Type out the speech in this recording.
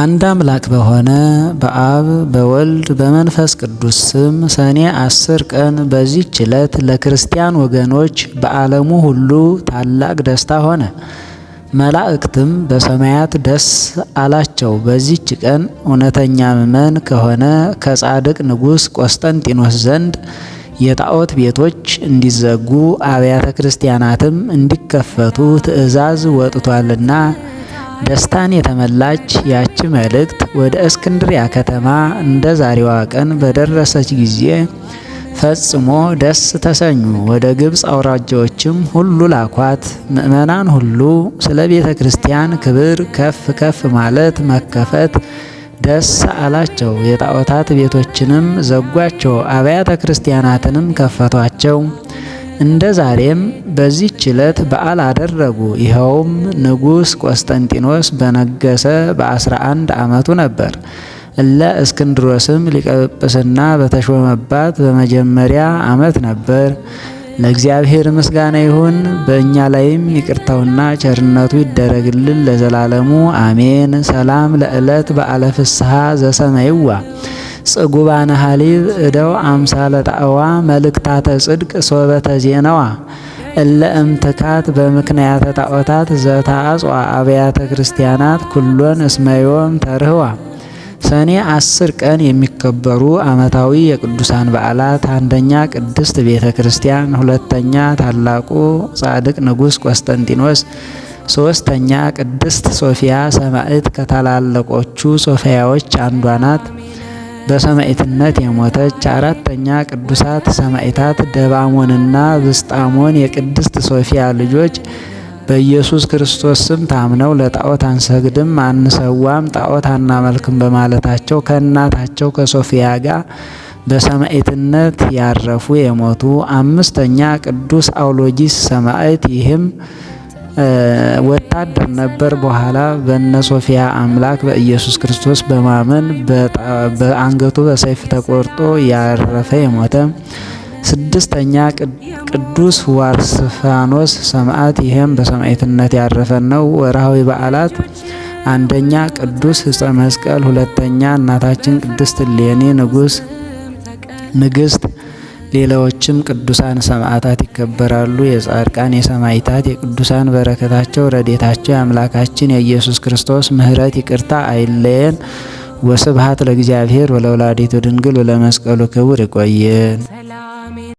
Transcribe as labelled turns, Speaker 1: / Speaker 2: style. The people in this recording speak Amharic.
Speaker 1: አንድ አምላክ በሆነ በአብ በወልድ በመንፈስ ቅዱስ ስም ሰኔ አስር ቀን በዚህች ዕለት ለክርስቲያን ወገኖች በዓለሙ ሁሉ ታላቅ ደስታ ሆነ። መላእክትም በሰማያት ደስ አላቸው። በዚህች ቀን እውነተኛ ምእመን ከሆነ ከጻድቅ ንጉሥ ቆስጠንጢኖስ ዘንድ የጣዖት ቤቶች እንዲዘጉ አብያተ ክርስቲያናትም እንዲከፈቱ ትእዛዝ ወጥቷልና ደስታን የተመላች ያቺ መልእክት ወደ እስክንድሪያ ከተማ እንደ ዛሬዋ ቀን በደረሰች ጊዜ ፈጽሞ ደስ ተሰኙ። ወደ ግብፅ አውራጃዎችም ሁሉ ላኳት። ምእመናን ሁሉ ስለ ቤተ ክርስቲያን ክብር ከፍ ከፍ ማለት መከፈት ደስ አላቸው። የጣዖታት ቤቶችንም ዘጓቸው፣ አብያተ ክርስቲያናትንም ከፈቷቸው። እንደ ዛሬም በዚህ ዕለት በዓል አደረጉ። ይኸውም ንጉሥ ቆስጠንጢኖስ በነገሰ በአስራ አንድ ዓመቱ ነበር። እለ እስክንድሮስም ሊቀ ጵጵስና በተሾመባት በመጀመሪያ ዓመት ነበር። ለእግዚአብሔር ምስጋና ይሁን፣ በእኛ ላይም ይቅርታውና ቸርነቱ ይደረግልን ለዘላለሙ አሜን። ሰላም ለዕለት በዓለ ፍስሐ ዘሰመይዋ ጽጉባነ ሀሊብ እደው አምሳለ ጣዕዋ መልእክታተ ጽድቅ ሶበተ ዜናዋ እለ እምትካት በምክንያተ ጣዖታት ዘተአጽዋ አብያተ ክርስቲያናት ኩሎን እስመዮም ተርህዋ። ሰኔ አስር ቀን የሚከበሩ ዓመታዊ የቅዱሳን በዓላት፣ አንደኛ ቅድስት ቤተ ክርስቲያን፣ ሁለተኛ ታላቁ ጻድቅ ንጉሥ ቆስጠንጢኖስ፣ ሶስተኛ ቅድስት ሶፊያ ሰማዕት ከታላለቆቹ ሶፊያዎች አንዷ ናት። በሰማዕትነት የሞተች አራተኛ ቅዱሳት ሰማዕታት ደባሞንና ብስጣሞን የቅድስት ሶፊያ ልጆች በኢየሱስ ክርስቶስ ስም ታምነው ለጣዖት አንሰግድም አንሰዋም፣ ጣዖት አናመልክም በማለታቸው ከእናታቸው ከሶፊያ ጋር በሰማዕትነት ያረፉ የሞቱ። አምስተኛ ቅዱስ አውሎጂስ ሰማዕት ይህም ወታደር ነበር። በኋላ በነ ሶፊያ አምላክ በኢየሱስ ክርስቶስ በማመን በአንገቱ በሰይፍ ተቆርጦ ያረፈ የሞተ ስድስተኛ ቅዱስ ዋርስፋኖስ ሰማዕት፣ ይህም በሰማዕትነት ያረፈ ነው። ወርሃዊ በዓላት አንደኛ ቅዱስ ዕፀ መስቀል፣ ሁለተኛ እናታችን ቅድስት እሌኒ ንጉስ ንግስ ሌላዎችም ቅዱሳን ሰማዕታት ይከበራሉ። የጻድቃን የሰማዕታት የቅዱሳን በረከታቸው ረዴታቸው የአምላካችን የኢየሱስ ክርስቶስ ምሕረት ይቅርታ አይለየን። ወስብሐት ለእግዚአብሔር ወለወላዲቱ ድንግል ወለመስቀሉ ክቡር ይቆየን።